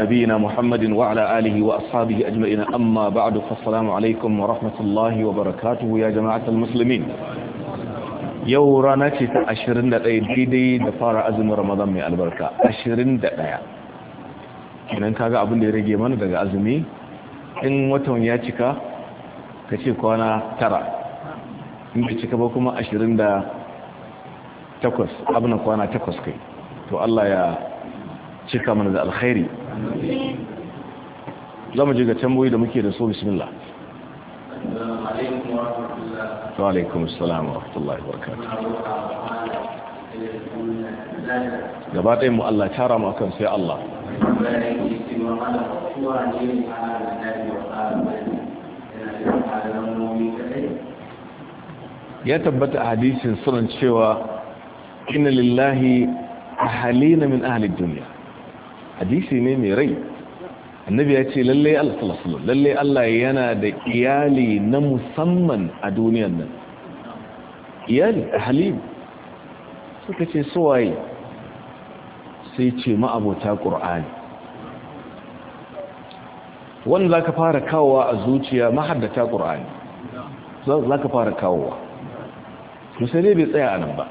نبينا محمد وعلى آله وأصحابه أجمعين أما بعد فالسلام عليكم ورحمة wa barakatu ya جماعة المسلمين yau rana ce ta 21 daidai da fara azumin ramadan mai albarka 21 idan kaga abun da ya rage mana daga azumi in watan ya cika ka ce tara in bai cika ba kuma 28 abin kwana takwas to Allah ya cika mana da alkhairi za mu je ga tamboyi da muke da so bismillah wa alaikum assalam wa rahmatullahi wa barakatuh gaba ɗaya mu Allah tara mu akan sai Allah ya tabbata hadisin sunan cewa inna lillahi ahalina min ahli duniya hadisi ne mai rai annabi ya ce lallai alfalasulun lallai Allah yana da iyali na musamman a duniyan nan iyali a halim suka ce suwaye sai ce ma'abota ƙur'ani wanda za ka fara kawowa a zuciya mahaddata ƙur'ani za ka fara kawowa musulai bai tsaya a nan ba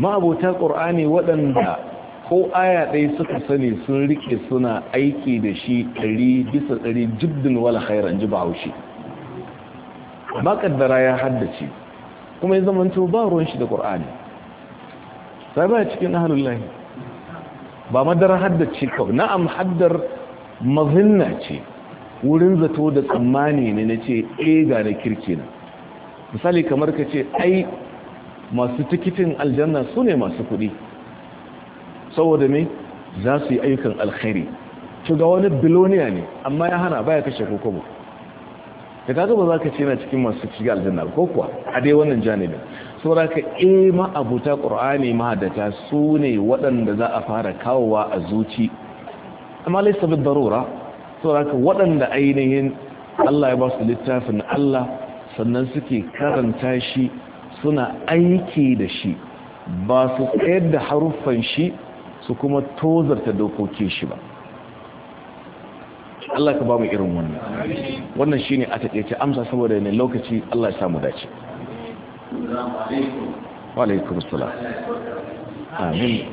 ma'abota ƙur'ani waɗanda ko aya ɗaya suka sani sun rike suna aiki da shi ɗari bisa ɗari jibdin wala khairan ji bahaushe ba kaddara ya haddace kuma ya zamanto ba ruwan shi da ƙur'ani sai ba cikin ahalullahi ba madara haddace kawai na'am haddar mazinna ce wurin zato da tsammani ne na ce e, ga na kirki na misali kamar ka ce ai masu tikitin aljanna su ne masu kuɗi saboda me za su yi ayyukan alkhairi ga wani biloniya ne amma ya hana baya kashe ko kobo da kaga ba za ka ce yana cikin masu shiga aljanna ko kuwa a dai wannan janibin za ka e ma abuta qur'ani mahadata su ne waɗanda za a fara kawowa a zuci amma laysa bid darura za ka waɗanda ainihin Allah ya ba su littafin Allah sannan suke karanta shi suna aiki da shi ba su tsayar da haruffan shi su kuma tozarta dokokin shi ba Allah ka ba mu irin wannan wannan shine a takeice amsa saboda ne lokaci Allah ya samu dace wa alaikum assalam amin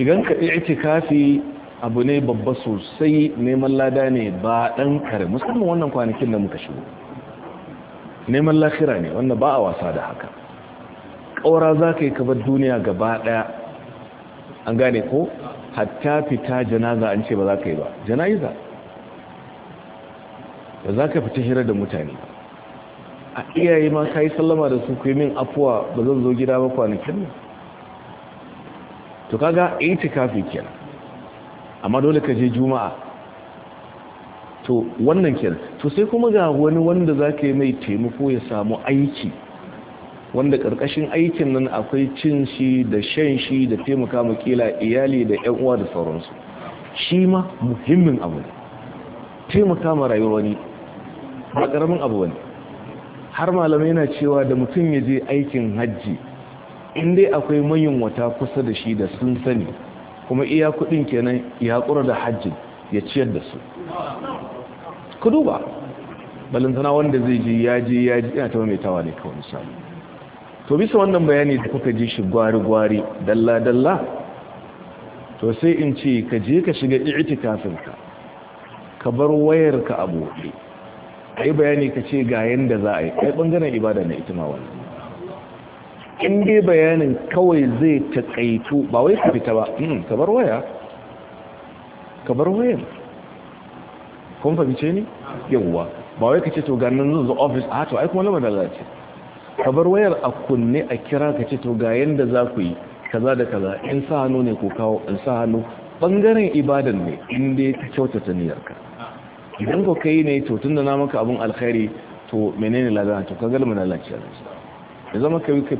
shiganka i'tikafi abu ne babba sosai neman lada ne ba dan kare musamman wannan kwanakin da muka shigo neman lafira ne wannan ba a wasa da haka ƙaura za ka yi kabar duniya gaba ɗaya an gane ko hatta fita janaza an ce ba za ka yi ba jana'iza ba za ka fita hira da mutane a iyaye ma ka yi sallama da su ku min afuwa ba zan zo gida ba kwanakin nan to kaga itikafi kenan amma dole ka je juma'a to wannan kenan to sai kuma ga wani wanda zaka yi mai taimako ya samu aiki wanda karkashin aikin nan akwai cin shi da shan shi da taimaka mu kila iyali da ƴan uwa da sauransu shi ma muhimmin abu ne taimaka ma rayuwar wani ba karamin abu ne har malamai yana cewa da mutum ya je aikin hajji in dai akwai wata kusa da shi da sun sani kuma iya kudin kenan ya haƙura da hajji ya ciyar da su ku duba balantana wanda zai ji ya ji ya ji ne kawai misali to bisa wannan bayani da kuka ji shi gwari-gwari dalla-dalla to sai in ce ka je ka shiga kafinka ka bar wayarka a yi bayani ka ce ga yanda za a yi ai bangaren ibada na itima wannan in dai bayanin kawai zai taƙaitu ba wai ka fita ba hmm, ka bar waya ka bar waya kun bice ni yawwa ba wai ka ce to ganin zan zo ofis a to ai kuma lamarin da ce ka bar wayar a kunne a kira ka ce to ga yanda za ku yi kaza da kaza in sa hannu ne ko kawo in sa hannu bangaren ibadan ne in dai ka kyautata niyyarka idan ko kai ne to tunda na maka abun alkhairi to menene ladana to kaga lamarin lalaciya ne ya zama ka yi ka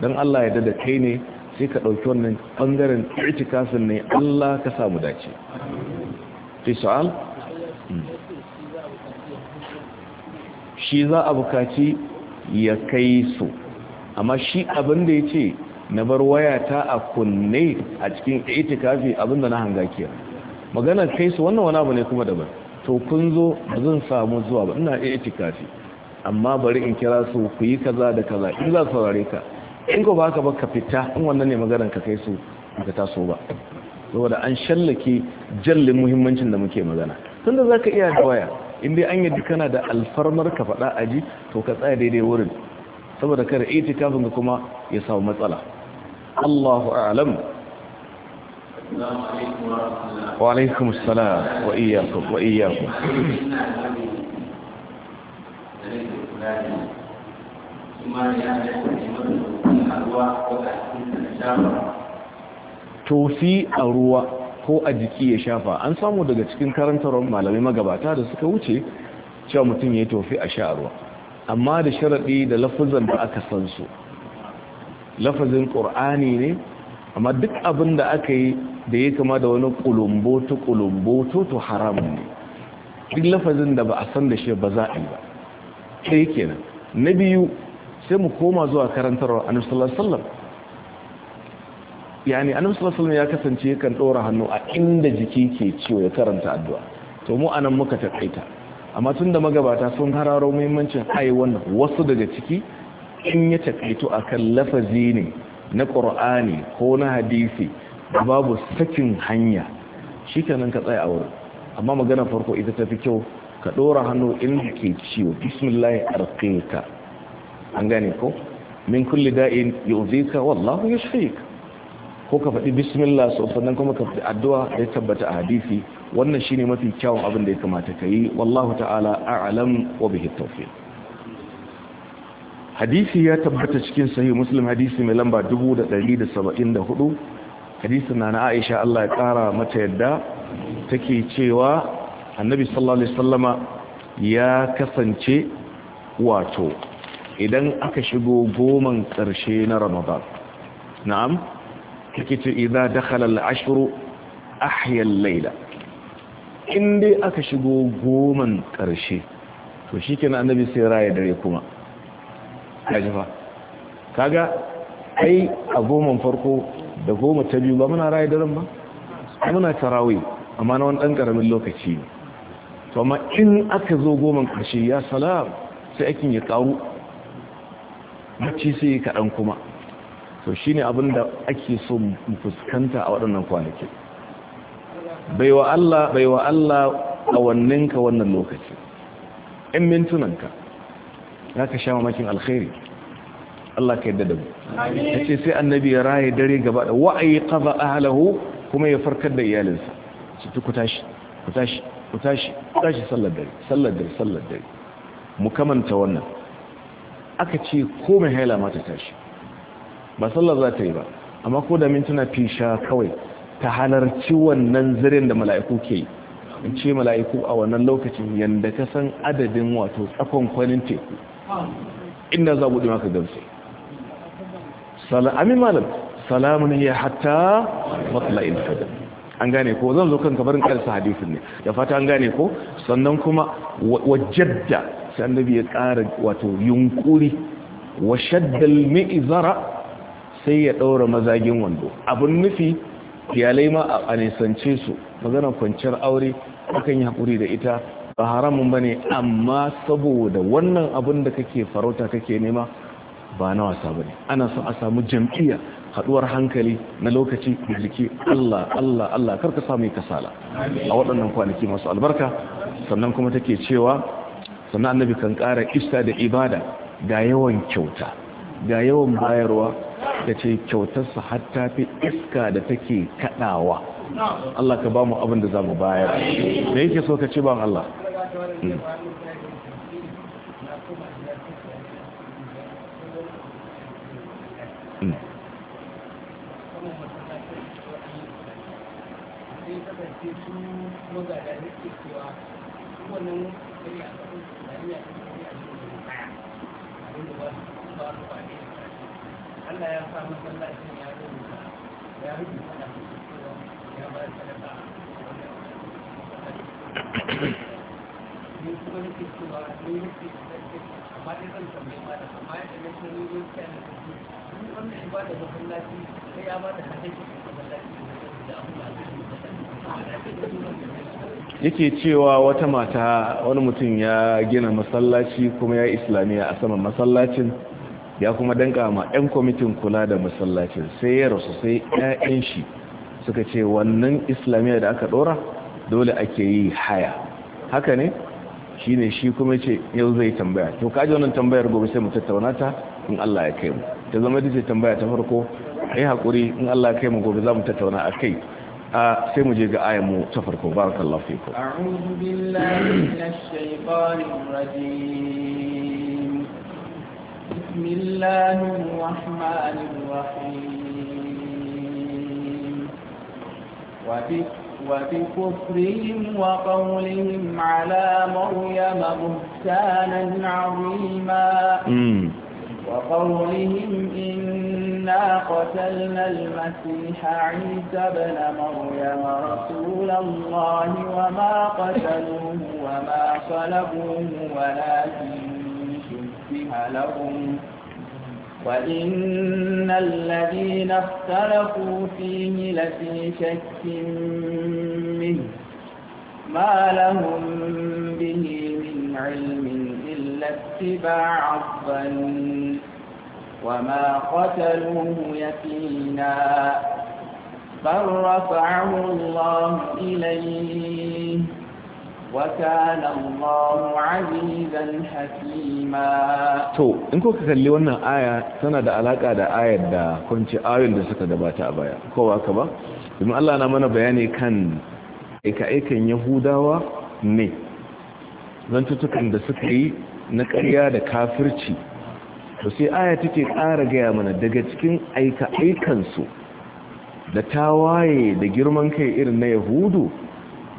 don Allah ya dada kai ne sai ka ɗauki wannan ɓangaren itikafin ne Allah ka samu dace fi sa'al, hmm. shi za a bukaci ya kai su amma shi abin da ya ce na bar wayata a kunne a cikin itikafi abin da na hanga kiyar maganar kai su wannan wani abu ne kuma daban to kun zo zan samu zuwa ba ina itikafi amma bari in kira su ku yi kaza da kaza in za su saurare ka in ko baka ba ka fita in wannan ne maganar ka kai su ka taso ba saboda an shallake jallin muhimmancin da muke magana tunda zaka iya da in dai an yadda kana da alfarmar ka faɗa aji to ka tsaya daidai wurin saboda kada itikafin ka kuma ya samu matsala Allahu a'lam wa alaikum assalam wa iyyakum wa iyyakum kuma ya ne tofi a ruwa ko a jiki ya shafa an samu daga cikin karantarwar malamai magabata da suka wuce cewa mutum ya yi tofi a sha a ruwa amma da sharaɗi da lafazan da aka san su lafazin ƙur'ani ne amma duk abin da aka yi da ya kama da wani ƙulumboto ƙulumboto to haram ne duk lafazin da ba a san da shi ba za a yi ba kai kenan na biyu sai mu koma zuwa karantarwa annabi sallallahu alaihi wasallam yani annabi sallallahu ya kasance kan dora hannu a inda jiki ke ciwo ya karanta addu'a to mu anan muka takaita amma tunda magabata sun hararo muhimmancin ai wannan wasu daga ciki in ya takaitu akan lafazi ne na qur'ani ko na hadisi babu sakin hanya shikenan ka tsaya a wurin amma magana farko ita fi kyau ka ɗora hannu in ke ciwo bismillahi arqika an gane ko min kulli da'in yu'zika wallahu yashfika ko ka faɗi bismillah so sannan kuma ka faɗi addu'a ya tabbata a hadisi wannan shine mafi kyawun abin da ya kamata ka yi wallahu ta'ala a'lam wa bihi tawfiq hadisi ya tabbata cikin sahih muslim hadisi mai lamba 1174 hadisin na na Aisha Allah ya kara mata yadda take cewa annabi sallallahu alaihi wasallama ya kasance wato idan aka shigo goman ƙarshe na ramadan na'am kake ce idan dakhala al-ashru ahya al-layla in aka shigo goman ƙarshe to shikenan annabi sai raye dare kuma kaji fa kaga ai a goman farko da goma ta biyu ba muna raya daren ba muna tarawih amma na wani ɗan ƙaramin lokaci ne to amma in aka zo goma ƙarshe ya salam sai aikin ya ƙaru mace sai ya kaɗan kuma to shi ne abin da ake so mu fuskanta a waɗannan kwanaki wa Allah wa Allah awanninka wannan lokaci in mintunanka za ka sha mamakin alkhairi Allah ka yadda da mu ya ce sai annabi ya raye dare gaba da wa'ayi kaza ahalahu kuma ya farkar da iyalinsa su tukuta shi ku tashi tashi sallar dare sallar dare sallar dare mu kamanta wannan aka ce ko mai haila ma ta tashi ba sallar za ta yi ba amma ko da mintuna fisha kawai ta halarci wannan zirin da mala'iku ke yi in ce mala'iku a wannan lokacin yadda ka san adadin wato tsakon kwanin teku inda za buɗe maka gamsu salamin malam salamun ya hatta matsala in fadar an gane ko zan zo kan kabarin karsa hadisin ne da fata an gane ko sannan kuma wajadda sai annabi ya ƙara wato yunkuri wa shaddal mi'zara sai ya daura mazagin wando abun nufi iyalai ma a nisance su magana kwanciyar aure akan yi hakuri da ita ba haramun bane amma saboda wannan abun da kake farauta kake nema ba na wasa ne ana so a samu jam'iyya haduwar hankali na lokaci da jiki Allah Allah Allah Kar ka samu kasala a waɗannan kwanaki masu albarka sannan kuma take cewa sannan annabi kan ƙara ista da ibada ga yawan kyauta ga yawan bayarwa da ce kyautarsa har ta fi iska da take kaɗawa Allah ka ba mu abin da za mu bayar da yake so ka ce ban Allah hmm. kasance su magada ne ke cewa wannan kare a kasar islamiyya ta kare a cikin da kaya abin da ba su ba su ba ne Allah ya sa masallacin ya rubuta ya rubuta da cewa ya ba da sadaka ne kuma nake cewa ne nake amma dai zan tambaye ma da amma ya ɗan nake ne ne kyan da kuma wannan da masallaci sai ya ba da sadaka masallaci da abubuwa yake cewa wata mata wani mutum ya gina masallaci kuma ya islamiyya a saman masallacin ya kuma danka ma 'yan kwamitin kula da masallacin sai ya rasu sai 'ya'yan shi suka ce wannan islamiyya da aka dora dole ake yi haya haka ne shi ne shi kuma ce yau zai tambaya to kaji wannan tambayar gobe sai mu tattauna ta in Allah ya kai mu ta zama dace tambaya ta farko ai hakuri in Allah ya kai mu gobe za mu tattauna a kai a sai mu je ga ayan mu ta farko barakallahu fikum a'udhu billahi minash shaitanir rajim bismillahir rahmanir rahim wa bi وبكفرهم وقولهم على مريم بهتانا عظيما وقولهم إن إنا قتلنا المسيح عيسى بن مريم رسول الله وما قتلوه وما صلبوه ولكن شبه لهم وإن الذين اختلفوا فيه لفي شك منه ما لهم به من علم إلا اتباع الظن وما قتلوه يقينا بل رفعه الله إليه وكان الله to in kuka kalli wannan aya tana da alaka da ayar da kunci ayoyin da suka gabata a baya kowa ka ba domin Allah na mana bayani kan aika-aikan Yahudawa ne zantutukan da suka yi na karya da kafirci to sai aya take ƙara gaya mana daga cikin aika-aikansu da tawaye da girman kai irin na yahudu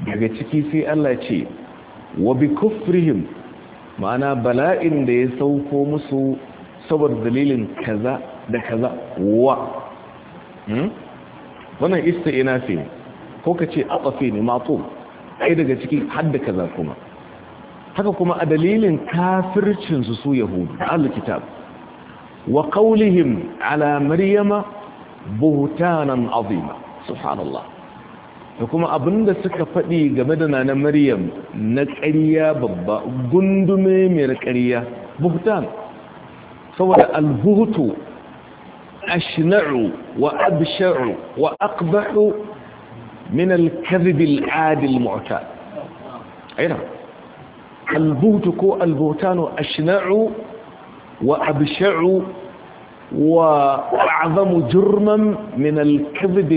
daga ciki sai Allah ce wa bi kufrihim ma'ana bala'in da ya sauko musu saboda dalilin kaza da kaza wa hmm? wannan ina fi ko ka ce aqafi ne matu ai daga ciki hadda kaza kuma haka kuma a dalilin kafircinsu su su yahudu al-kitab وقولهم على مريم بهتانا عظيما سبحان الله فكما أبنى سكفتي قمدنا على مريم نكريا ببا قندمي مركريا بهتان فولا البهت أشنع وأبشع وأقبح من الكذب العادي المعتاد أين البهت كو البهتان أشنعوا وأبشع وأعظم جرما من الكذب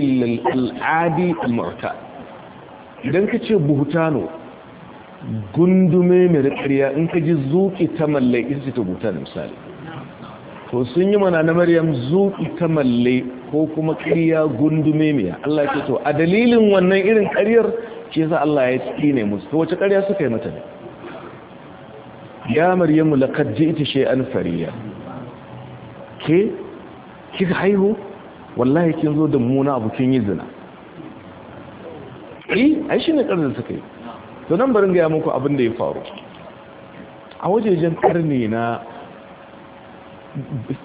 العادي المعتاد إذن كتير بهتانو gundume mai rikariya in ka ji zuƙi ta mallai ita ta buta misali to sun yi mana na maryam zuƙi ta malle ko kuma ƙarya gundume mai Allah ce to a dalilin wannan irin ƙaryar ce za Allah ya tsine musu to wace ƙarya suka yi mata ne ya maryamu laqad ji'ti shay'an fariya ke kika haihu wallahi kin zo da muna abu kin yi zina eh ai shine karin suka yi to nan barin ga muku abin da ya faru a wajejen karni na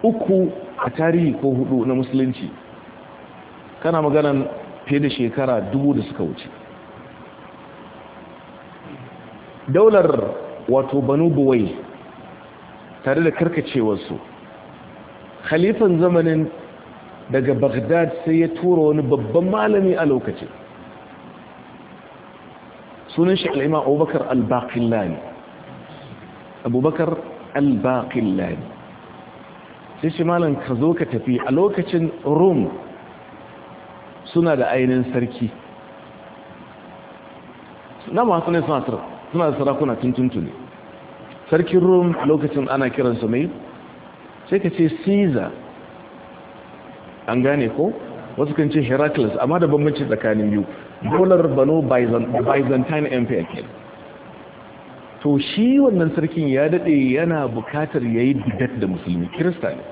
uku a tarihi ko hudu na musulunci kana maganan fiye da shekara dubu da suka wuce daular wato banu buwai tare da karkacewarsu khalifan zamanin daga baghdad sai ya tura wani babban malami a lokacin sunan shi al'ima abubakar al-baqillani abubakar al-baqillani sai shi malam ka zo ka tafi a lokacin rum suna da ainihin sarki na masu ne suna suna da sarakuna tuntuntuni sarkin rum lokacin ana kiransa mai sai ka ce caesar an gane ko wasu kan ce heracles amma da bambanci tsakanin biyu dolar bano byzantine empire ke to shi wannan sarkin ya daɗe yana bukatar ya yi bidat da musulmi kirista ne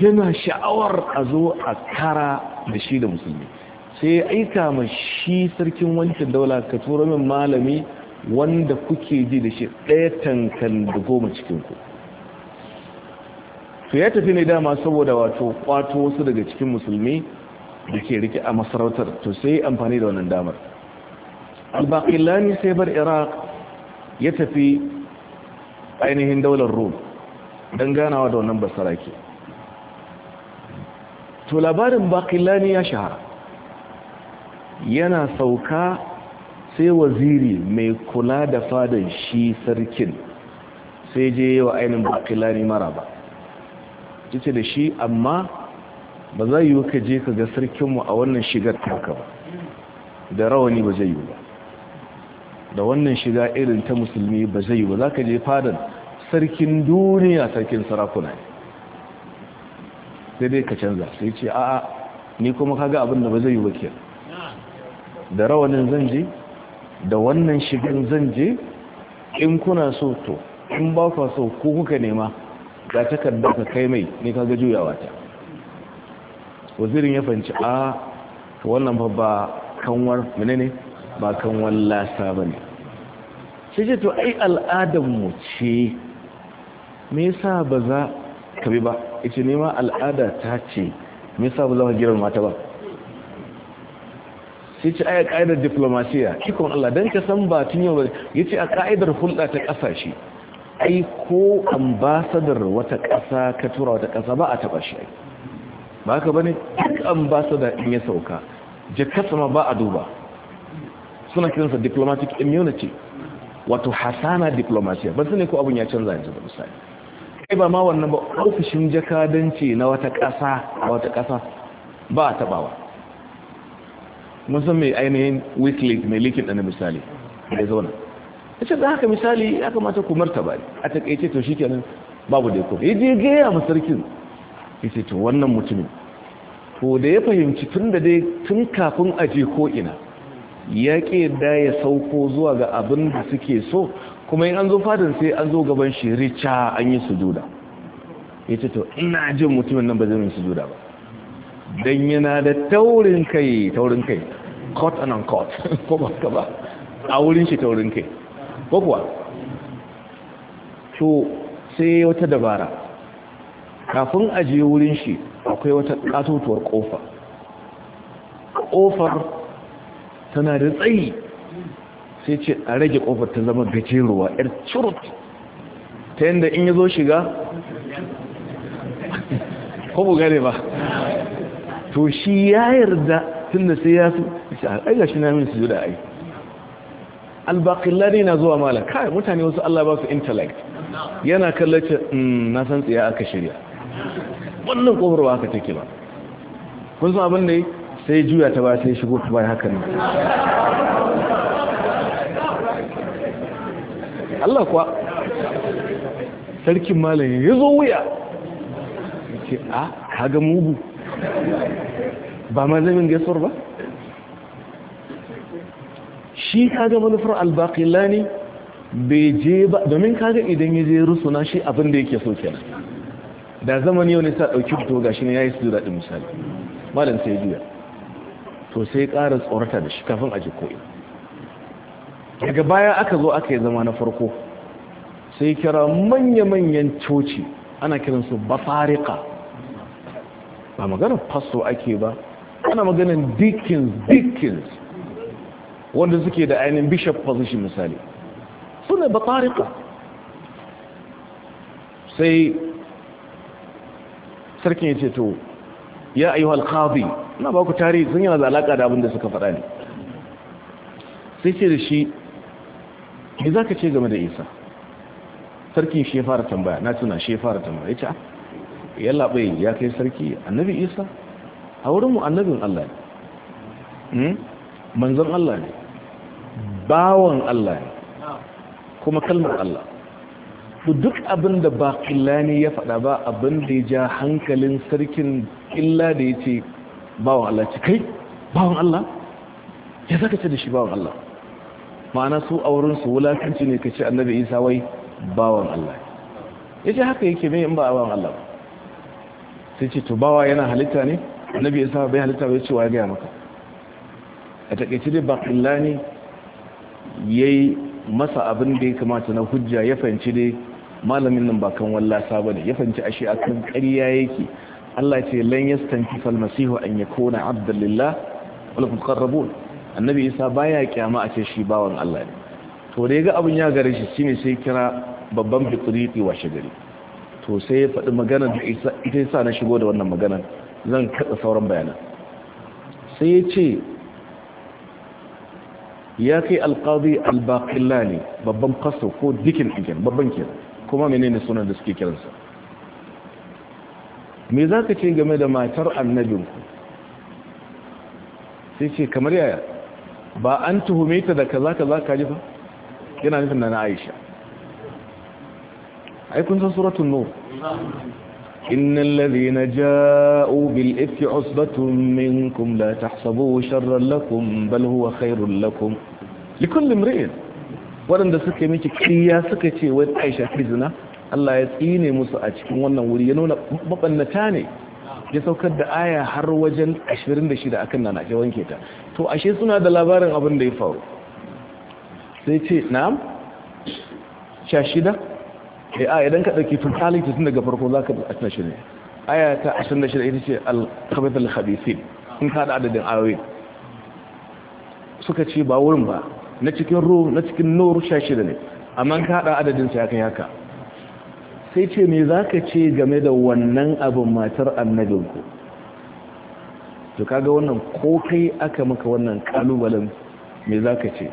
yana sha'awar a zo a kara da shi da musulmi sai ya aika ma shi sarkin wancan daula ka min malami wanda kuke ji da shi ɗaya tankan da goma cikinku su ya tafi ne dama saboda wato kwato wasu daga cikin musulmi da ke rike a masarautar to sai amfani da wannan damar albaƙilani sai bar iraq ya tafi ainihin daular rome don ganawa da wannan basaraki. to labarin baƙilani ya shahara yana sauka sai waziri mai kula da fadar shi sarkin sai je yi wa ainihin bakilani mara ba ce da shi amma ba za yi ka je ka ga sarkinmu a wannan shigar taka ba da rawani ba zai yi ba da wannan shiga irin ta musulmi ba zai yi ba za ka je fadan sarkin duniya sarkin sarakuna sai dai ka canza sai ce a'a ni kuma kaga abin da ba zai yi ba da rawanin zan je da wannan shirin zan je in kuna so to in ba ku so ko kuka nema ga takarda ka kai mai ne ga juyawa ta wazirin ya fanci a wannan fa ba kanwar menene ba kanwar lasa bane sai ce to ai al'adanmu mu ce me yasa ba za ka bi ba ita nema al'ada ta ce me yasa ba za ka girar mata ba sai ce aya ka'idar diplomasiya ikon Allah don ka san ba tun yau ya ce a ka'idar hulɗa ta ƙasashe ai ko ambasadar wata ƙasa ka tura wata ƙasa ba a taɓa shi ba ka ba ne duk ambasadar in ya sauka jakasa ma ba a duba suna kiransa diplomatic immunity wato hasana diplomasiya ba su ne ko abin ya canza yanzu da misali kai ba ma wannan ba ofishin jakadanci na wata ƙasa a wata ƙasa ba a taɓawa mun san mai ainihin weekly mai likin ɗana misali da zauna ya ce za haka misali ya kamata ku martaba a takaice to shi kenan babu da kuma ya je gaya ma sarkin ya ce to wannan mutumin to da ya fahimci tun da dai tun kafin a je ko ina ya ke da ya sauko zuwa ga abin da suke so kuma in an zo fadin sai an zo gaban shi rica an yi sujuda ya ce to ina jin mutumin nan ba zai yi sujuda ba don yana da taurin kai taurin kai court and on court ko ba ka ba a wurin shi taurin kai ko kuwa to sai wata dabara kafin a wurin shi akwai wata katotuwar kofa kofar tana da tsayi sai ce a rage kofar ta zama gajeruwa yar curut ta yadda in ya zo shiga ko bugare ba to shi ya yarda tunda sai ya su ai ga shi na min su sujuda ai albaqillari na zuwa mala kai mutane wasu Allah ba su intellect yana kallace hmm, na san tsiya aka shirya wannan kofarwa aka take ba kun san abin da yi sai juya ta ba sai shigo ta bayan ne Allah kuwa sarkin malami ya zo wuya ce ah, a haga mugu ba mazhabin gaisuwar ba shi kaga manufar ne bai je ba domin kaga idan ya je rusuna shi abin da yake so kenan da zaman yau ne sa dauki fito shi ne yayi su daɗin misali malam sai juya to sai ƙara tsorata da shi kafin a ji daga baya aka zo aka yi zama na farko sai kira manya-manyan coci ana kiransu bafarika ba maganar faso ake ba ana maganin dickens dickens wanda suke da ainihin bishop position misali suna ba tarika sai sarkin ya ce to ya ayyuhu alqadi na ba ku tarihi sun yana da alaka da abin da suka faɗa ne sai ce da shi me zaka ce game da Isa sarkin shi ya fara tambaya na tuna shi ya fara tambaya yace ah, yalla bai ya kai sarki annabi isa a wurin mu annabin Allah ne hmm? manzon Allah ne bawan Allah ne kuma kalmar Allah duk abin da ba ne ya faɗa ba abin da ya ja hankalin sarkin illa da ya ce bawan Allah ce kai bawan Allah ya zaka ce da shi bawan Allah ma'ana su su wulakanci ne ka ce annabi isa wai bawan Allah ya ce haka yake mai in ba bawan Allah ba sai ce to bawa yana halitta ne annabi ya sa bai halitta bai cewa ya gaya maka a takaice dai bakin yayi ya yi masa abin da ya kamata na hujja ya fahimci dai malamin nan bakan kan wallasa ba ne ya fahimci ashe a kan ƙarya yake Allah ce lan yastanki fal masihu an yakuna abdan lillah wal muqarrabun annabi isa baya kyama a ce shi bawan Allah ne to da ga abin ya gare shi shine sai kira babban fitriqi washe gari to sai ya faɗi maganar da isa ita yasa na shigo da wannan maganar zan katsa sauran bayanan sai ya ce ya kai alƙadi albaƙillani babban fasto ko dikin ɗin babban Kenan, kuma menene sunan da suke kiransa me za ka ce game da matar annabinku sai ce kamar yaya ba an tuhume ta da kaza kaza ka ji ba yana nufin na na aisha ai kun san suratul nur إن الذين جاءوا بالإفك عصبة منكم لا تحسبوه شرا لكم بل هو خير لكم لكل امرئ waɗanda suka yi miki kiriya suka ce wai aisha kizina Allah ya tsine musu a cikin wannan wuri ya nuna mabannata ne ya saukar da aya har wajen 26 akan nana ya wanke ta to ashe suna da labarin abin da ya faru sai ce na'am shida. Eh, a idan ka ɗauki totality tun daga farko za ka da asina shi ne aya ta asina shi ita ce alkhabith alkhabisin in ka da adadin ayoyi suka ce ba wurin ba na cikin ruh na cikin nur sha ne amma ka da adadin sa yakan haka sai ce me za ka ce game da wannan abin matar annabinku to kaga wannan ko kai aka maka wannan kalubalen me za ka ce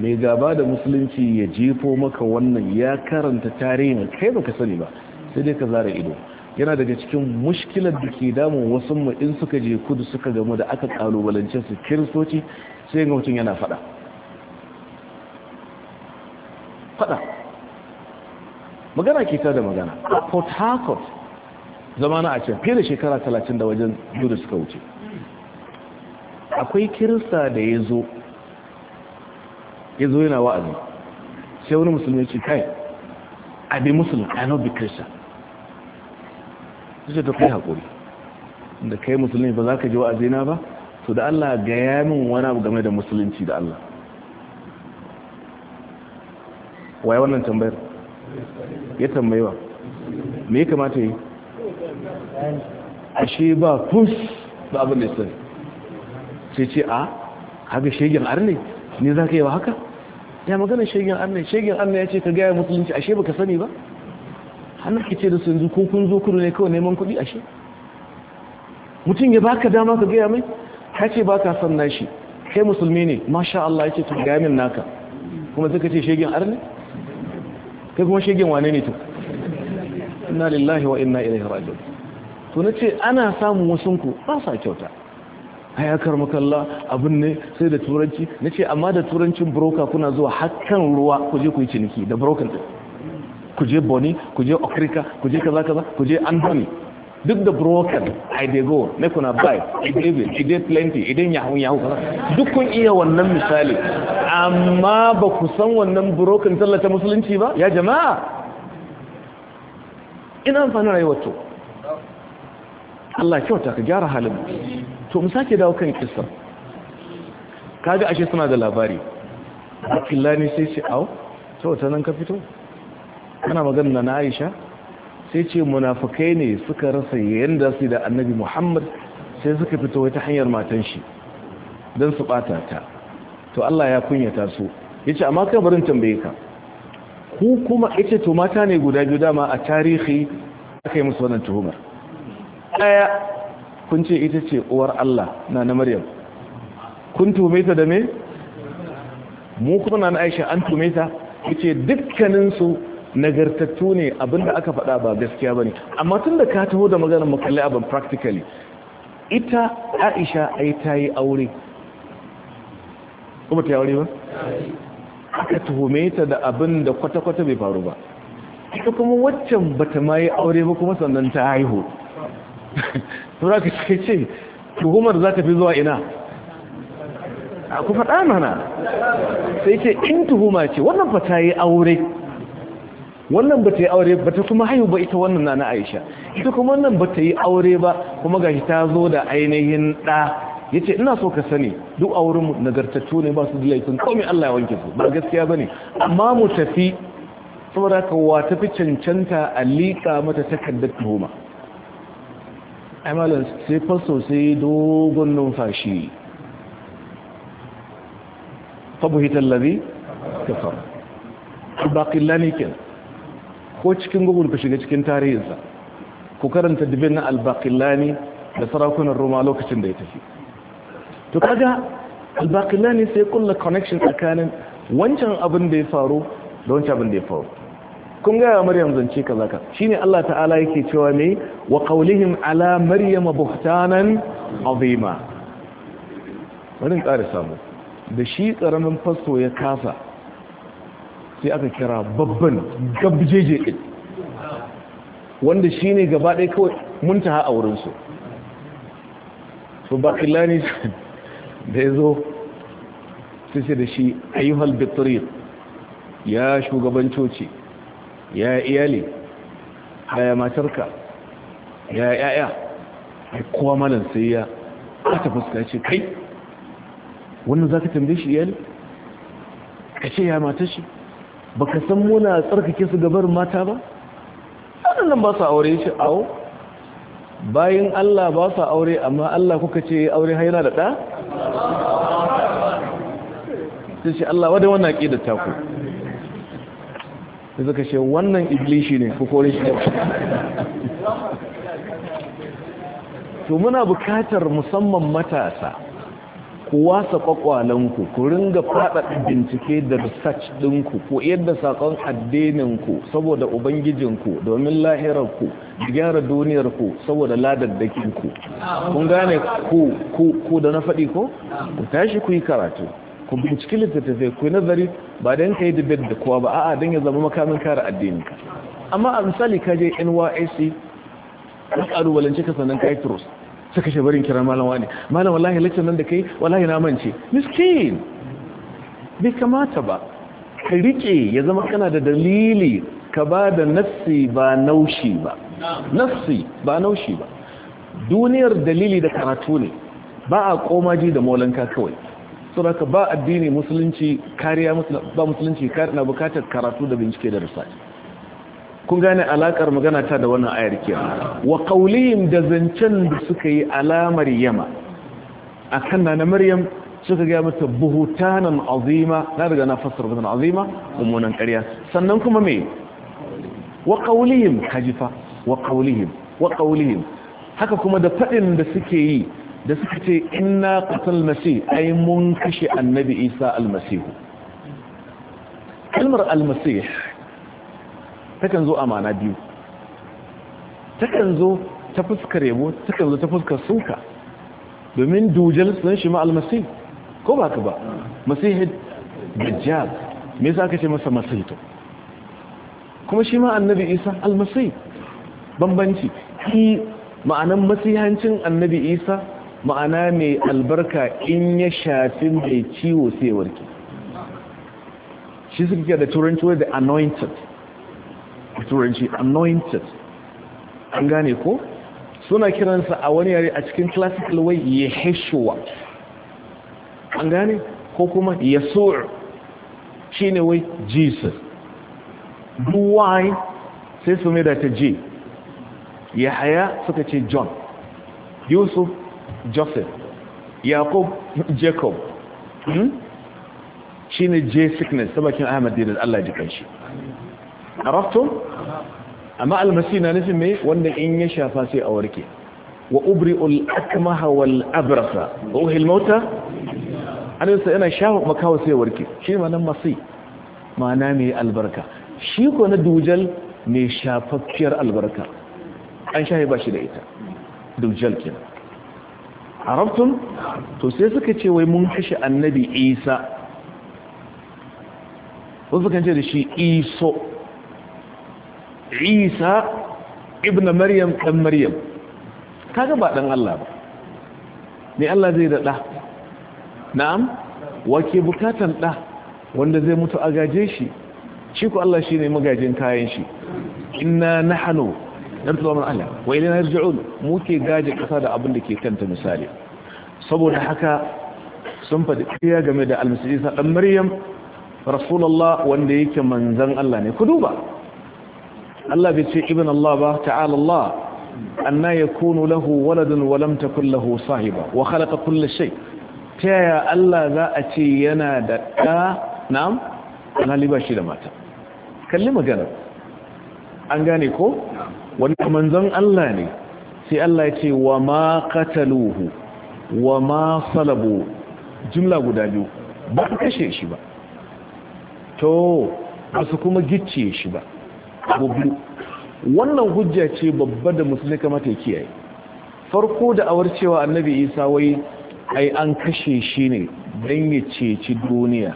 mai gaba da musulunci ya jefo maka wannan ya karanta tarihin kai baka sani ba sai dai ka zara ido yana daga cikin mushkilar da ke damun wasu in suka je kudu suka gamu da aka kalubalance su kiristoci sai ga mutum yana fada fada magana ke ta da magana port harcourt zamana a can fiye da shekara talatin da wajen biyu da suka wuce akwai kirista da ya zo ya zo yana wa'azi sai wani musulmi ce kai a bi musulmi i not be christian sai ta kai haƙuri da kai musulmi ba za ka ji wa'azi na ba to da Allah ga yamin wani abu game da musulunci da Allah waye wannan tambayar ya tambayewa me ya kamata yi ashe ba kus ba abin da sai ce a haka shegin arne ne za ka yi wa haka ya magana shegin annai shegin annai ya ce ka gaya musulunci ashe ba ka sani ba hannun ka ce da su yanzu ko kun zo kudu ne kawai neman kuɗi ashe mutum ya baka dama ka gaya mai ka ce ba ka san nashi kai musulmi ne masha Allah ya ce to gaya min naka kuma ka ce shegin arni kai kuma shegin wane ne to inna lillahi wa inna ilaihi raji'un to nace ana samun wasunku ba sa kyauta hayakar makalla abin ne sai da turanci na ce amma da turancin broker kuna zuwa hakan ruwa ku je ku yi ciniki da broker ɗin ku je boni ku je okirka ku je kaza kaza ku je andoni duk da broker i dey go make una buy i dey i dey plenty i dey yahoo yahu kaza duk kun iya wannan misali amma ba ku san wannan broker tallata musulunci ba ya jama'a ina amfani rayuwar to Allah kyauta ka gyara halin to mu sake dawo kan kisa kaga ashe suna da labari Abdullahi sai ce au to ta nan ka fito kana magana na Aisha sai ce munafikai ne suka rasa yanda su da Annabi Muhammad sai suka fito wata hanyar matan shi dan su bata ta to Allah ya kunyata su yace amma kai barin tambaye ka ku kuma ita to mata ne guda biyu dama a tarihi aka yi musu wannan tuhumar kun ce ita ce uwar Allah na na Maryam kun tume ta da me mu kuma na Aisha an tume ta kace dukkanin su nagartattu ne abinda aka faɗa ba gaskiya bane amma tunda ka taho da maganar mu kalli abin practically ita Aisha ai ta yi aure kuma ta yi aure ba aka tuhume ta da abinda kwata-kwata bai faru ba ita kuma waccan bata ma yi aure ba kuma sannan ta haihu su za ka ce tuhumar za ta fi zuwa ina a ku faɗa mana sai ce in tuhuma ce wannan ba ta yi aure wannan ba ta yi aure ba kuma haihu ba ita wannan na na aisha ita kuma wannan ba ta yi aure ba kuma ga shi ta zo da ainihin ɗa ya ce ina so ka sani duk a wurin nagartattu ne ba su da laifin komai allah ya wanke su ba gaskiya ba ne amma mu tafi saboda ka tafi cancanta a liƙa mata takardar tuhuma amalan sai fasto sosai dogon numfashi fabuhitar lari kafar baƙin lanikin ko cikin google ka shiga cikin tarihinsa ku karanta dubin na albaƙillani da sarakunan roma lokacin da ya tafi to kaga albaƙillani sai kulla connection tsakanin wancan abin da ya faru da wancan abin da ya faru kun gaya maryam zance kaza ka shine Allah ta'ala yake cewa ne wa qawlihim ala maryam buhtanan azima wannan kare samu da shi karamin fasto ya kasa sai aka kira babban gabjeje din wanda shine gaba ɗaya kawai muntaha a wurin su so bakillani da yazo sai da shi ayyuhal bitriq ya shugabancoci ya iyali haya matarka ya yaya ai kowa malam sai ya ta fuska ce kai wannan za ka tambaye shi iyali ka ce ya mata shi ba ka san muna tsarkake su gabar mata ba waɗannan ba su aure shi awo bayan Allah ba su aure amma Allah kuka ce aure haina da ɗa? ta shi Allah wadda wannan da taku da suka ce wannan iblishi ne kukurin shi to muna bukatar musamman matasa ku wasa kwakwalanku ku ringa fada bincike da research ɗinku ku yadda sakon addininku saboda ubangijinku domin lahirarku da gyara duniyarku saboda ladaddakinku kun gane ku da na faɗi ko ku tashi ku yi karatu ku binciki littattafai ku nazari ba don ka yi debate da kowa ba a'a don ya zama makamin kare addini ka amma a misali ka je NYSC ka kalubalance ka sannan ka yi turus sai ka shabarin kiran malawa ne malam wallahi lakcin nan da kai wallahi na mance miskin bai kamata ba ka rike ya zama kana da dalili ka ba da nafsi ba naushi ba nafsi ba naushi ba duniyar dalili da karatu ne ba a koma ji da molanka kawai saboda ba addini musulunci kariya ba musulunci na bukatar karatu da bincike da research kun gane alakar magana ta da wannan ayar kiyar wa da zancen da suka yi alamar yama akan na maryam suka ga mata buhutanan azima na daga na fasar buhutanan azima mummunan karya sannan kuma me wa qawlihim kajifa wa qawlihim wa haka kuma da faɗin da suke yi da suka ce inna qatal masih ai mun kashe annabi isa almasih kalmar almasih takan zo amana biyu takan zo ta fuskar yabo takan zo ta fuskar suka domin dujal sun shi ma almasih ko ba ka ba masih dajjal me yasa aka ce masa masih to kuma shi ma annabi isa almasih bambanci shi ma'anan masihancin annabi isa ma'ana mai albarka in ya shafi mai ciwo sai warke shi suke da turanci wadda anointed turanci anointed an gane ko suna kiransa a wani yare a cikin classical way ya heshuwa an gane ko kuma ya su'ur shi ne wai jesus duwai sai su mai da ta je ya haya suka ce john yusuf joseph yakub jacob hmm? shi ne j sickness sabakin ahmad allah ji kanshi a amma almasi na nufin mai wanda in ya shafa sai a warke wa ubri akmaha wal abrasa wa uhil mauta anisa yana shafa makawa sai warke shi ne manan masi mana mai albarka shi ko na dujal mai shafaffiyar albarka an shahi ba shi da ita dujal kenan arabtun to sai suka ce wai mun kashe annabi isa wasu kan ce da shi iso isa ibn maryam ɗan maryam kaga ba ɗan allah ba ne allah zai da ɗa na'am wake bukatan ɗa wanda zai mutu a gaje shi shi ku allah shi ne magajin kayan shi inna nahanu yarzuwa man ahliha wa ilayna yarji'un mu ke gaje kasa da abin da ke kanta misali saboda haka sun faɗi iya game da almasiri sa dan maryam rasulullah wanda yake manzon Allah ne ku duba Allah bai ce ibn Allah ba ta'ala Allah anna yakunu lahu waladun wa lam takul lahu sahiba wa khalaqa kull shay ta yaya Allah za a ce yana da ɗa na'am na liba shi da mata kalli magana an gane ko wanda manzon Allah ne sai Allah ya ce wa ma qataluhu wa ma salabu jumla guda biyu ba kashe shi ba to su kuma gicce shi ba wannan hujja ce babba da musulmi kamata ya kiyaye farko da awar cewa annabi isa wai ai an kashe shi ne don ya ceci duniya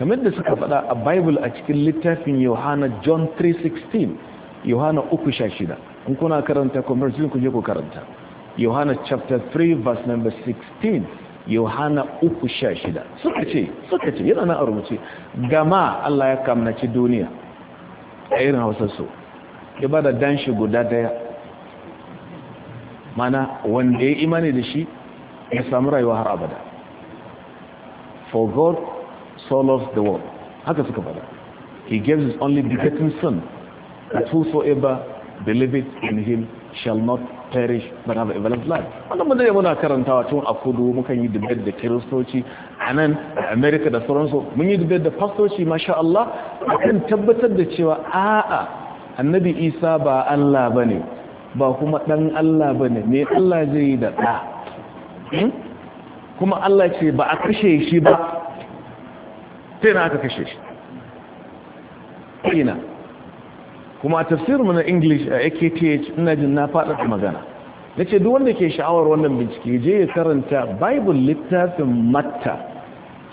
kamar da suka faɗa a bible a cikin littafin yohana john 316 Yohana uku in kuna karanta conversion ku je ku karanta Yohana chapter 3 verse number 16 Yohana uku suka ce suka ce yana nan a rubuce gama Allah ya kamnaci duniya a irin hausar so ya bada danshi guda daya mana wanda ya imani da shi ya samu rayuwa har abada for God so loves the world haka suka fada he gives his only begotten son that whosoever believeth in him shall not perish but have everlasting life wannan mun muna karantawa tun a kudu mukan yi debate da kiristoci a nan a america da sauransu mun yi debate da fastoci masha Allah akan tabbatar da cewa a'a annabi isa ba Allah bane ba kuma dan Allah bane me Allah zai da da hmm? kuma Allah ce ba a kashe shi ba sai na aka kashe shi ina kuma a mu na english a akth ina jin na faɗaɗa magana nace duk wanda ke sha'awar wannan bincike je ya karanta bible littafin matta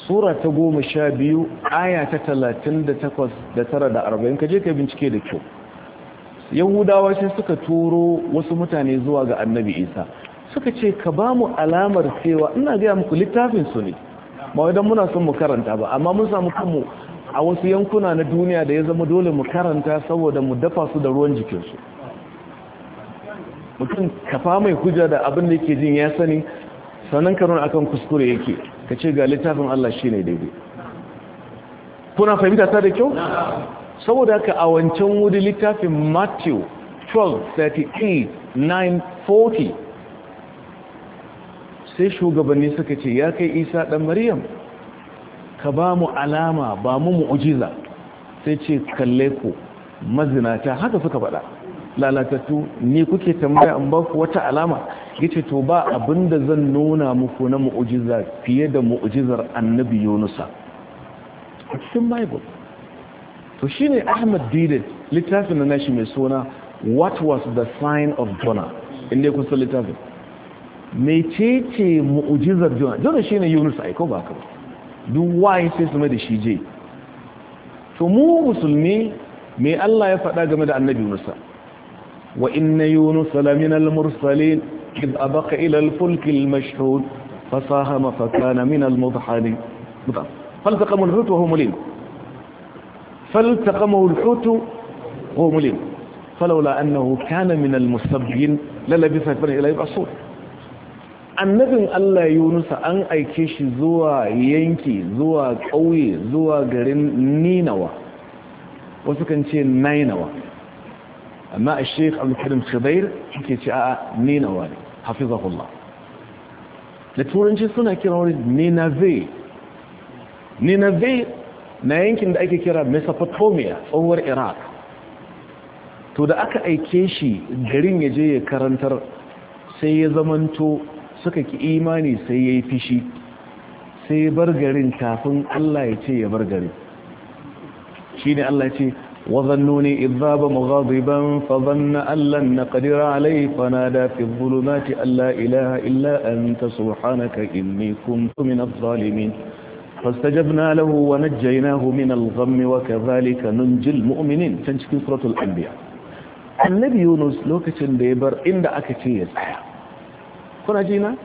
sura ta goma sha biyu aya ta talatin da takwas da tara da arba'in ka je ka bincike da kyau yahudawa sai suka turo wasu mutane zuwa ga annabi isa suka ce ka ba mu alamar cewa ina gaya muku littafin su ne ba muna son mu karanta ba amma mun samu kanmu a wasu yankuna na duniya da ya zama dole mu karanta saboda mu dafa su da ruwan jikinsu mutum kafa mai hujja da abin da yake jin ya sani sannan karon akan kuskure yake ka ce ga littafin Allah shi ne daidai kuna fahimta ta da kyau? saboda haka a wancan wuri littafin matthew 12:38:9:40 sai shugabanni suka ce ya kai isa ɗan maryam ka ba mu alama ba mu mu'ujiza sai ce kalle ku mazinata haka suka faɗa lalatattu ni kuke tambaya an ba ku wata alama yace to ba abinda zan nuna muku na mu'ujiza fiye da mu'ujizar annabi yunusa a cikin bible to shine ahmad dide littafin na nashi mai suna what was the sign of jonah inda ya kusa littafin mecece mu'ujizar jona jona shi ne aiko ba ka ba duk waye sai su mai da shi je to mu musulmi me Allah ya faɗa game da annabi Musa wa inna yunus la min al-mursalin id abaqa ila al-fulk al-mashhud fa fa sahama kana min al al mudhhal فساهم فكان من المضحنين فالتقموا الحوت وهو مليم فالتقمه الحوت وهو مليم فلولا أنه كان من المسبين للبث في الى يبعثون annabin Allah Yunusa an aike shi zuwa yanki zuwa ƙauye zuwa garin Ninawa wasu kan ce Nainawa amma a Sheikh karim Khidair yake ce a Ninawa ne hafizahullah da turanci suna kira wani Ninave Ninave na yankin da ake kira Mesopotamia tsohuwar Iraq to da aka aike shi garin ya je ya karantar sai ya zamanto suka ki imani sai ya yi fishi sai ya bar garin kafin Allah ya ce ya bar gari. shi ne Allah ce ne, izaba mughadiban fa dhanna allan naqdira alayhi fanada fi dhulumati alla ilaha illa anta subhanaka inni kuntu min na dhalimin فاستجبنا له ونجيناه من الغم وكذلك ننجي المؤمنين كان cikin suratul anbiya annabi yunus lokacin da ya bar inda aka ce ya tsaya kuna ji na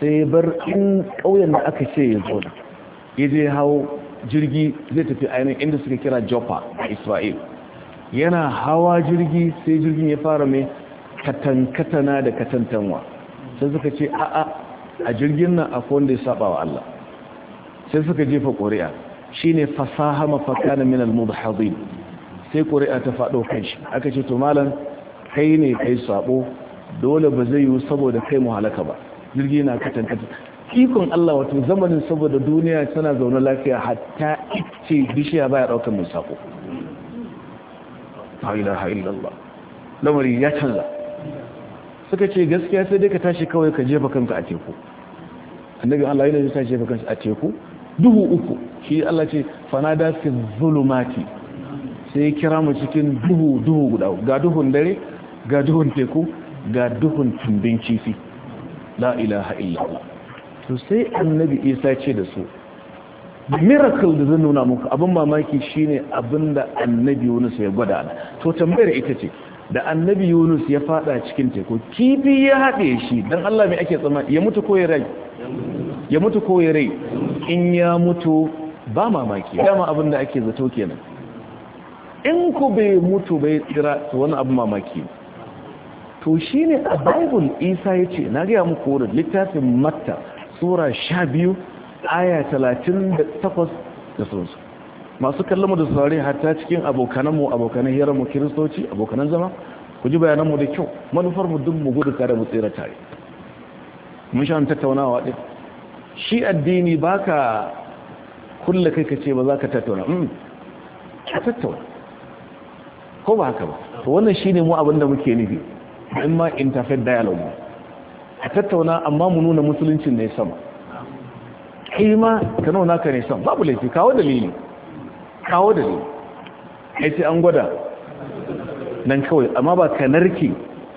sai bar in ƙauyen da aka ce ya zo ya je hau jirgi zai tafi ainihin inda suka kira Joppa a isra'il yana hawa jirgi sai jirgin ya fara mai katankatana da katantanwa sai suka ce a'a a jirgin nan akwai wanda ya saba wa Allah sai suka jefa ƙuri'a shine fasaha mafaka min al mu sai ƙuri'a ta faɗo kai shi aka ce to malam kai ne kai saɓo. dole ba zai yiwu saboda kai muhalaka ba jirgi na katan katan ikon Allah wato zamanin saboda duniya tana zaune lafiya hatta ce bishiya baya daukar mai sako Allah lamari ya canza suka ce gaskiya sai dai ka tashi kawai ka jefa kanka a teku annabi Allah yana yin tashi jefa a teku duhu uku shi Allah ce fanada fi zulumati sai kira mu cikin duhu duhu guda ga duhun dare ga duhun teku ga duhun tumbin kifi la ilaha illallah to sai annabi isa ce da su miracle da zan nuna muku abin mamaki shine abinda annabi yunus ya gwada to tambayar ita ce da annabi yunus ya fada cikin teku kifi ya haɗe shi don allah mai ake tsama ya mutu ko ya rai ya mutu ko ya rai in ya mutu ba mamaki dama abin da ake zato kenan in ku bai mutu bai tsira wani abin mamaki ne to shi ne a bible isa ya ce na gaya muku wurin littafin matta sura sha biyu aya talatin da takwas da sunsu. masu kallonmu da saurari hatta cikin abokananmu abokanan mu kiristoci abokanan zama ku ji bayananmu da kyau manufarmu duk mu gudu kare mu tsira tare mun sha tattaunawa ɗin shi addini ba ka kulle kai ka ce ba za ka tattauna ka mm, tattauna ko ba haka ba wannan shi ne mu da muke nufi in ma interfaith dialogue a tattauna amma mu nuna musuluncin ne sama kima ma ka nuna ka ne sama babu laifi kawo dalili kawo dalili ai sai an gwada nan kawai amma ba ka narki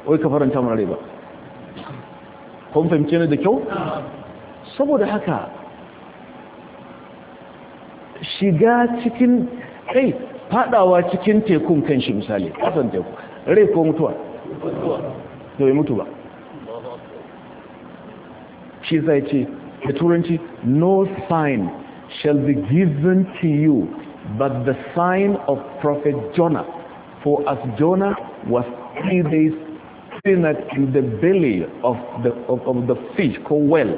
wai ka faranta mara rai ba kun fahimci ni da kyau saboda haka shiga cikin kai fadawa cikin tekun kan shi misali kasan teku rai ko mutuwa da bai mutu ba shi zai ce da turanci no sign shall be given to you but the sign of prophet Jonah for as Jonah was three days in the belly of the, of, of the fish called well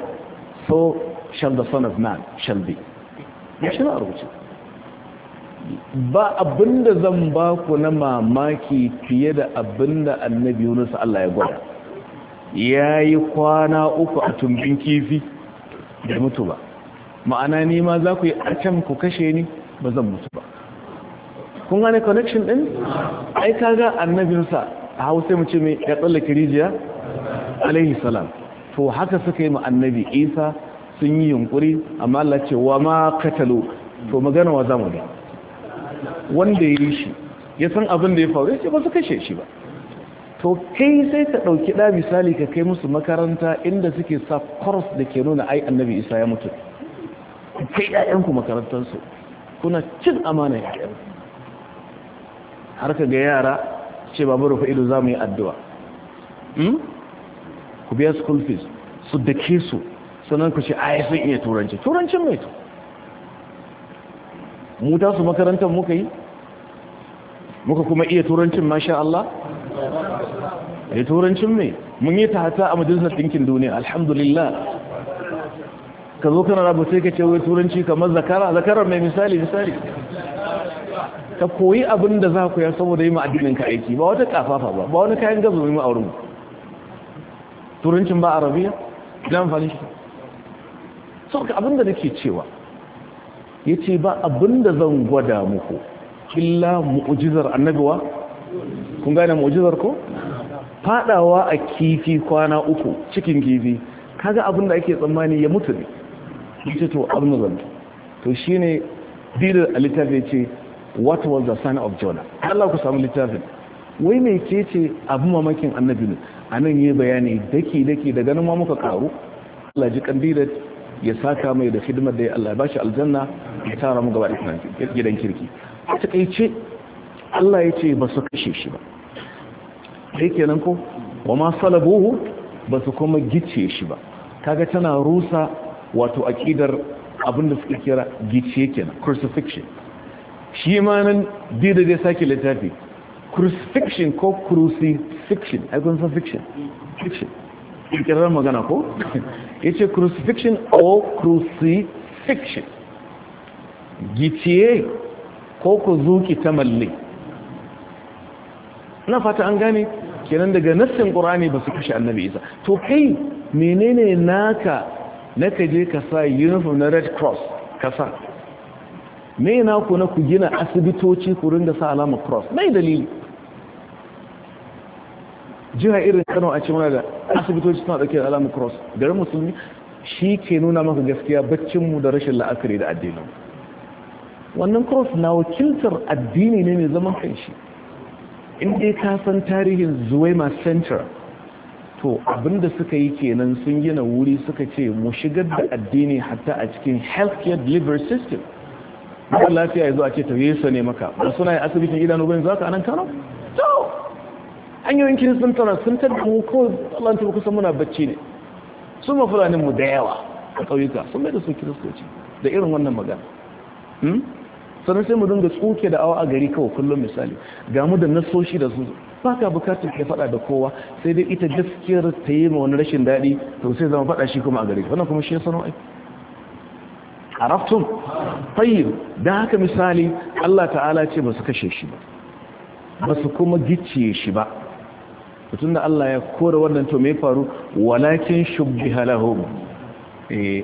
so shall the son of man shall be Yes, ba abinda zan ba ku na mamaki fiye da abinda annabi Yunus Allah ya gwada yayi kwana uku a tumbin kifi da mutu ba ma'ana ni ma za ku yi a can ku kashe ni ba zan mutu ba kun gane connection din ai kaga annabinsa a hausa mu ce mai ya tsallake rijiya alaihi salam to haka suka yi ma annabi isa sun yi yunkuri amma Allah ce wa ma katalu to magana wa zamu da wanda ya yi shi ya san abin da ya faru ya ce ba su kashe shi ba to kai sai ka ɗauki ɗa misali ka kai musu makaranta inda suke sa kors da ke nuna ai annabi isa ya mutu kai ‘ya'yanku makarantarsu kuna cin amana ƴaƴan. har ka ga yara ce ba mu rufe ido za mu yi addu'a hmm? ku biya school fees su dake su sannan ku ce ai sun iya turanci turancin mai to mu ta su makarantar muka yi muka kuma iya turancin masha Allah da turancin mai mun yi ta hata a majalisar ɗinkin duniya alhamdulillah ka zo kana rabu sai ka ce wai turanci kamar zakara zakarar mai misali misali ka koyi abin da za ku ya saboda yi ma'adinin ka aiki ba wata kafafa ba ba wani kayan gazo mai ma'aurin turancin ba arabiya idan amfani shi sau ka abin da nake cewa ya ce ba abinda zan gwada muku illa mu'ujizar annabiwa kun gane mu'ujizar ko? fadawa a kifi kwana uku cikin kifi kaga abinda ake tsammani ya mutu ne ce to abnuzan to shi ne didar a littafi ce what was the sign of jonah Allah ku samu littafin wai mai ce ce abin mamakin annabi ne a nan yi bayani daki daki da ganin ma muka karu Allah ji kan ya saka mai da hidimar da ya Allah ba shi aljanna ya tara mu gaba da gidan kirki a takaice Allah ya ce ba su kashe shi ba sai kenan ko wa ma salabuhu ba su kuma gice shi ba kaga tana rusa wato akidar abin da suke kira gice kenan crucifixion shi ma nan da zai sake littafi crucifixion ko crucifixion ai kun san fiction fiction kirar magana ko ya ce crucifixion o crucifixion gitiye ko ku zuki ta malle na fata an gane kenan daga nassin ƙorani ba su kashe annabi isa to kai menene naka na ka je ka sa uniform na red cross kasa? sa me na ku na ku gina asibitoci ku ringa sa alama cross mai dalili jiha irin kano a ce da asibitoci suna ɗauke da alamun cross garin musulmi shi ke nuna maka gaskiya baccinmu da rashin la'akari da addinin wannan cross na wakiltar addini ne mai zaman kanshi in dai ka san tarihin zuwaima center to abinda suka yi kenan sun gina wuri suka ce mu shigar da addini hatta a cikin healthcare delivery system ma'a lafiya ya zo a ce ta yi ne maka ba suna yi asibitin idanu gani za anan kano? to hanyoyin sun tana sun tattar mu ko tsallanta ba kusan muna bacci ne su ma fulanin mu da yawa a ƙauyuka sun mai da su kiristoci da irin wannan magana hmm? sannan sai mu dinga tsoke da awa a gari kawai kullum misali ga mu da nasoshi da su ba ka bukatar ka faɗa da kowa sai dai ita gaskiyar ta yi ma wani rashin daɗi to sai zama faɗa shi kuma a gari wannan kuma shi ya sanu aiki raftun fayyar da haka misali Allah ta'ala ce ba su kashe shi ba ba su kuma gicciye shi ba tun da Allah ya kora wannan to mai faru walakin shubbiha lahum eh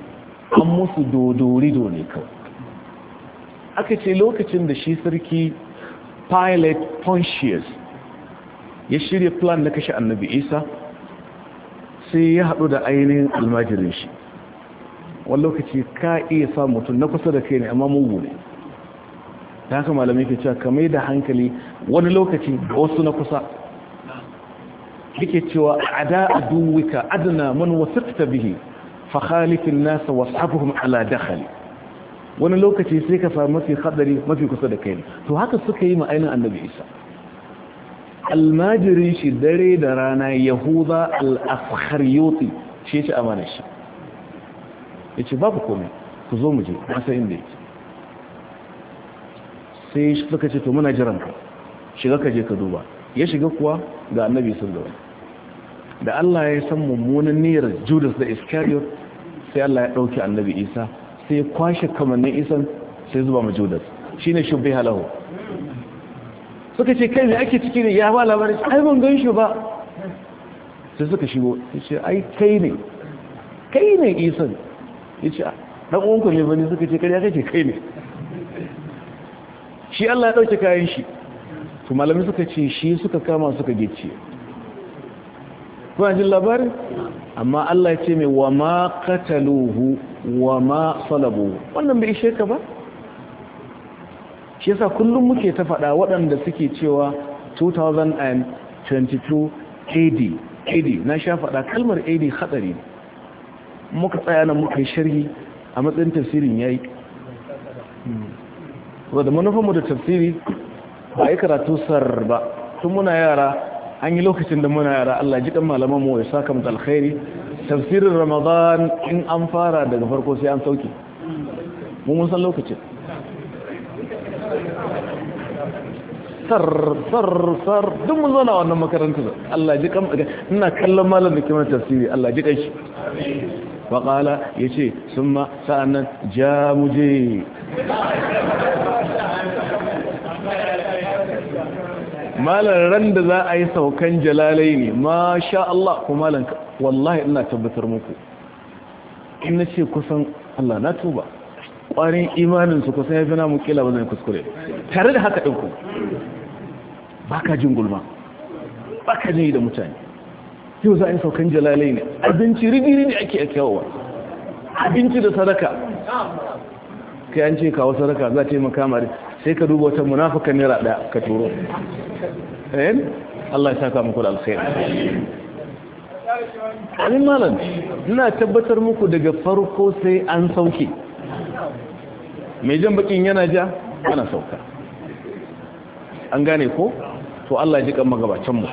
an musu dodori ne ka aka ce lokacin da shi sarki pilot pontius ya shirya plan na kashe annabi isa sai ya hadu da ainihin almajirin shi wani lokaci ka iya sa mutum na kusa da kai ne amma mugu ne ta haka malamai ke cewa kamai da hankali wani lokaci wasu na kusa yake cewa ada aduwika adna man wasafta bihi fa khalifin nas washabuhum ala dakhali wani lokaci sai ka samu mafi hadari mafi kusa da kai to haka suka yi ma'ainin annabi isa almajirin shi dare da rana yahuda al-afkhariyuti shi ya ci amana shi ya babu komai ku zo mu je sai inda yake sai suka ce to muna jiran ka shiga ka je ka duba ya shiga kuwa ga annabi sallallahu alaihi da Allah ya san mummunan niyyar Judas da Iscariot sai Allah ya dauki Annabi Isa sai ya kwashe kamannin Isa sai zuba ma Judas shine shubbiha lahu suka ce kai ne ake ciki ne ya ba labarin ai ban gan shi ba sai suka shigo yace ai kai ne kai ne Isa yace dan uwanku ne bane suka ce kai ya kace kai ne shi Allah ya dauke kayan shi to malami suka ce shi suka kama suka gice kuna jin labarin amma Allah ya ce mai wa ma kataluhu wa ma salabu wannan bai ishe ka ba shi yasa kullum muke ta faɗa waɗanda suke cewa 2022 AD AD na sha faɗa kalmar AD hatsari muka tsaya nan muka yi sharhi a matsayin tafsirin yayi wadda hmm. mu da tafsiri ba yi karatu sar ba tun muna yara an yi lokacin da muna yara Allah ji kan malaman mu ya saka mutal khairi tafsirin ramadan in an fara daga farko sai an sauke mun mun san lokacin sar sar sar duk mun zauna wannan makarantar Allah ji kan ina kallon malam da ke mana tafsiri Allah ji kan shi faƙala ya ce sun ma sa'annan ja muje malan ran da za a yi saukan jalalai ne ma sha Allah ko malan wallahi ina tabbatar muku in na ce kusan Allah na tuba ƙwarin imanin su kusan ya fi namu kila ba zai kuskure tare da haka ɗinku ba ka jin gulma ba ka jin da mutane yau za a yi saukan jalalai ne abinci rigiri ne ake a abinci da sadaka kai an ce kawo sadaka za ta yi makamari sai ka duba wata munafukan nera ɗaya ka turo ɗayan Allah ya sa muku da alkhairi alim malam ina tabbatar muku daga farko sai an sauke mai jan bakin yana ja ana sauka an gane ko to Allah ji kan magabacinmu mu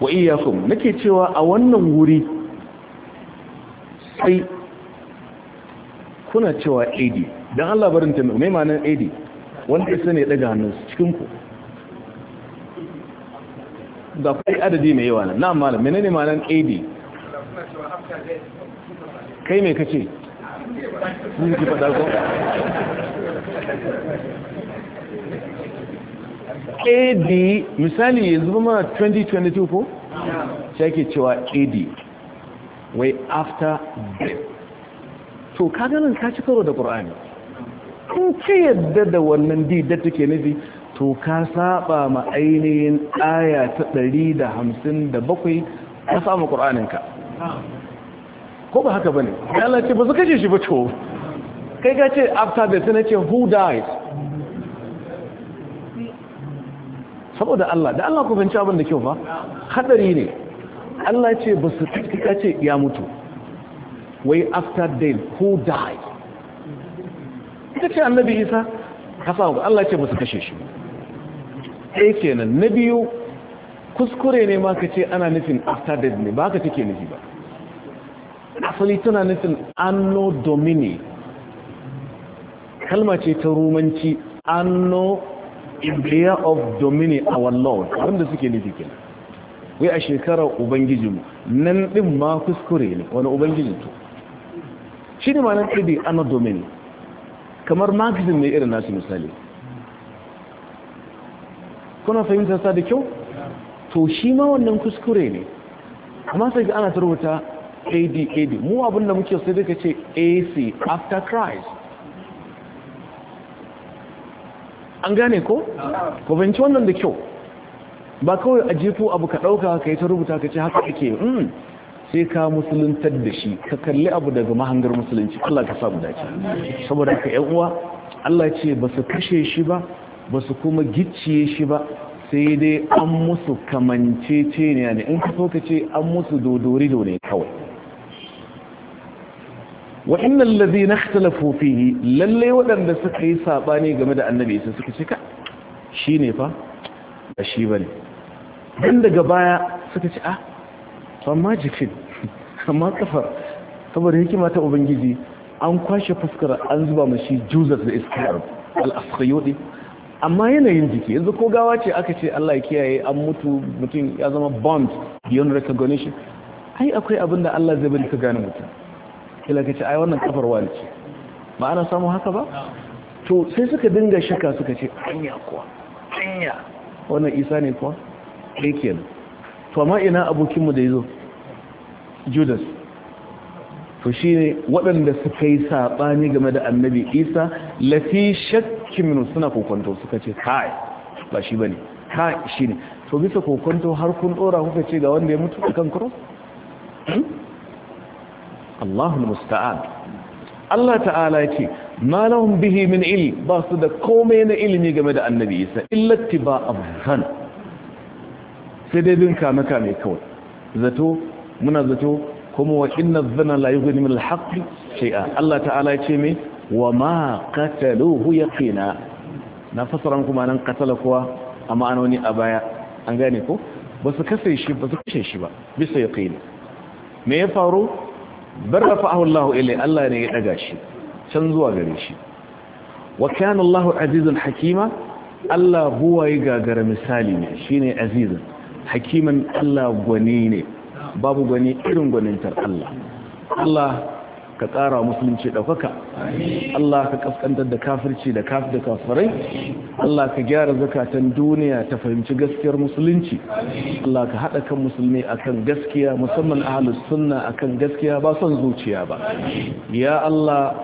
wa iyyakum nake cewa a wannan wuri sai kuna cewa AD don Allah barin ta mai manan AD wanda isa ne daga hannun cikin ku da kai adadi mai yawa na malam menene manan AD kai me kace ni ji fada ko AD misali yanzu ma 2022 ko sai ke cewa AD wai after death to ka ganin ka ci karo da ƙur'ani in ci yadda da wannan didda take nufi to ka saba ma ainihin aya ta 157 ka samu ƙur'aninka. ko ba haka ba ne Allah ce ba su kashe shi ba to kai ka ce after the ne ce who died saboda Allah da Allah ku fahimci abin da kyau ba hadari ne Allah ce ba su ce ya mutu wai after death who died ita ce annabi isa kasa ga Allah ce ba su kashe shi sai kenan na biyu kuskure ne ma ka ce ana nufin after death ne ba ka take nufi ba asali tana nufin anno domini kalma ce ta rumanci anno imperial of domini our lord wanda suke nufi kenan wai a shekarar ubangijinmu nan din ma kuskure ne wani ubangijin to shi ne ma'anar a ana domin kamar magazin mai irin nasu misali kuna fahimtar sa da kyau to shi ma wannan kuskure ne amma sai ga ana tarwata ad ad mu abinda muke sai duka ce ac after christ an gane ko? ko wannan da kyau ba kawai a jefo abu ka ɗauka ka yi ta rubuta ka ce haka ake hmm. sai ka musuluntar da shi ka kalli abu daga mahangar musulunci Allah ka samu dace saboda ka yan uwa Allah ce ba su kashe shi ba ba su kuma gicciye shi ba sai dai an musu kamancece ne in ka so ka ce an musu dodori ne kawai wa innal ladhina ikhtalafu fihi lalle waɗanda suka yi sabani game da annabi sai suka ce ka shine fa ba shi bane dan daga baya suka ce ah amma jikin amma kafar saboda hikima ta ubangiji an kwashe fuskar an zuba mashi juzar da iskar al-asqiyudi amma yanayin jiki yanzu ko gawa ce aka ce Allah ya kiyaye an mutu mutum ya zama bond beyond recognition ai akwai abin da Allah zai bari ka gane mutum kila ka ce ai wannan kafar wani ce ba ana samu haka ba to sai suka dinga shaka suka ce hanya kuwa hanya wannan isa ne kuwa kai kenan to amma ina abokinmu da yazo judas to shi ne waɗanda suka yi saɓani game da annabi isa lafi shakkinu suna kokonto suka ce kai ba shi ba ne kai shi ne to bisa kokonto har kun ɗora kuka ce ga wanda ya mutu a kan kuro? Hmm? Allahun musta'an Allah ta'ala ya ce ma lahum bihi min il ba su da komai na ilimi game da annabi isa illatti ba a sai dai bin kame kame kawai zato muna zato kuma wa inna zana la yughni min al-haqq shay'a Allah ta'ala ya ce me wa ma qataluhu yaqina na fasara kuma nan qatala kuwa a ma'anoni a baya an gane ko ba su shi ba su kashe shi ba bisa yaqini me ya faru barrafa'ahu Allah ilai Allah ne ya daga shi can zuwa gare shi wa kana Allah azizun hakima Allah huwa ya gagara misali ne shine azizun hakiman Allah gwani ne babu gwani irin gwanintar Allah Allah ka ƙara musulunci ɗaukaka Allah ka ƙasƙantar da kafirci da kafir da kafirai Allah ka gyara zakatan duniya ta fahimci gaskiyar musulunci Allah ka haɗa kan musulmi a kan gaskiya musamman ahlus sunna kan gaskiya ba son zuciya ba ya Allah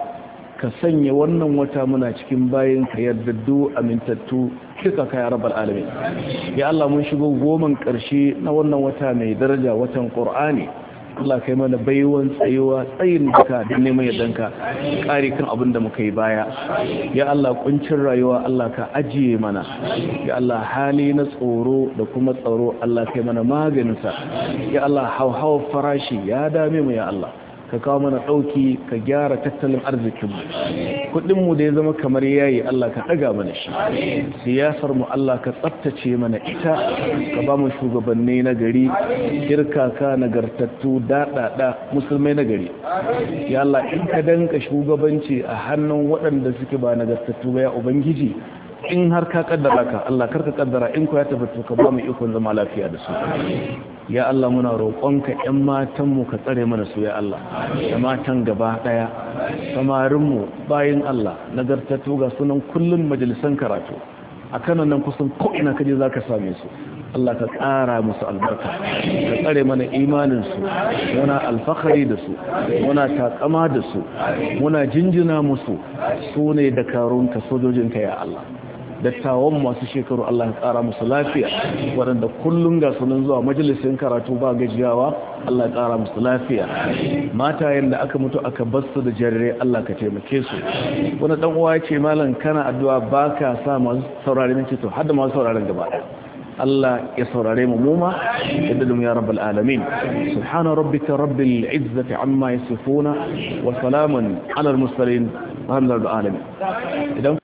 ka sanya wannan wata muna cikin bayan ka yadda du amintattu shirka ka ya rabbal alamin ya Allah mun shigo goman karshe na wannan wata mai daraja watan qur'ani Allah kai mana baiwan tsayuwa tsayin duka da neman yardanka kare kan abin da muka yi baya ya Allah kuncin rayuwa Allah ka ajiye mana ya Allah hali na tsoro da kuma tsaro Allah kai mana maganinsa ya Allah hauhawar farashi ya dame mu ya Allah ka kawo mana ɗauki ka gyara tattalin arzikinmu kuɗinmu da ya zama kamar yayi Allah ka ɗaga mana shi siyasar mu Allah ka tsaftace mana ita ka ba mu shugabanni na gari kirkaka nagartattu daɗaɗa musulmai na gari ya Allah in ka danka shugabanci a hannun waɗanda suke ba nagartattu ba ya ubangiji in har ka kaddara ka Allah kar ka kaddara in ku ya tabbata ka ba mu ikon zama lafiya da su ya Allah muna roƙonka ƴan matanmu ka tsare mana su ya Allah da matan gaba ɗaya samarinmu bayan Allah nagartattu ga sunan kullum majalisan karatu a kanan nan kusan ko'ina kaje za ka same su Allah ka ƙara musu albarka ka tsare mana imaninsu muna alfahari da su muna taƙama da su muna jinjina musu su ne dakarunka sojojinka ya Allah dattawan masu shekaru Allah ya kara musu lafiya waɗanda kullum ga sunan zuwa majalisin karatu ba gajiyawa Allah ya kara musu lafiya matayen da aka mutu aka basu da jarirai Allah ka taimake su wani ɗan uwa ya ce malam kana addu'a baka sa masu saurare nake to har da masu sauraren gaba ɗaya ma يسرر dum ya يا alamin subhana rabbika rabbil izzati amma yasifuna wa salamun على المرسلين والحمد لله idan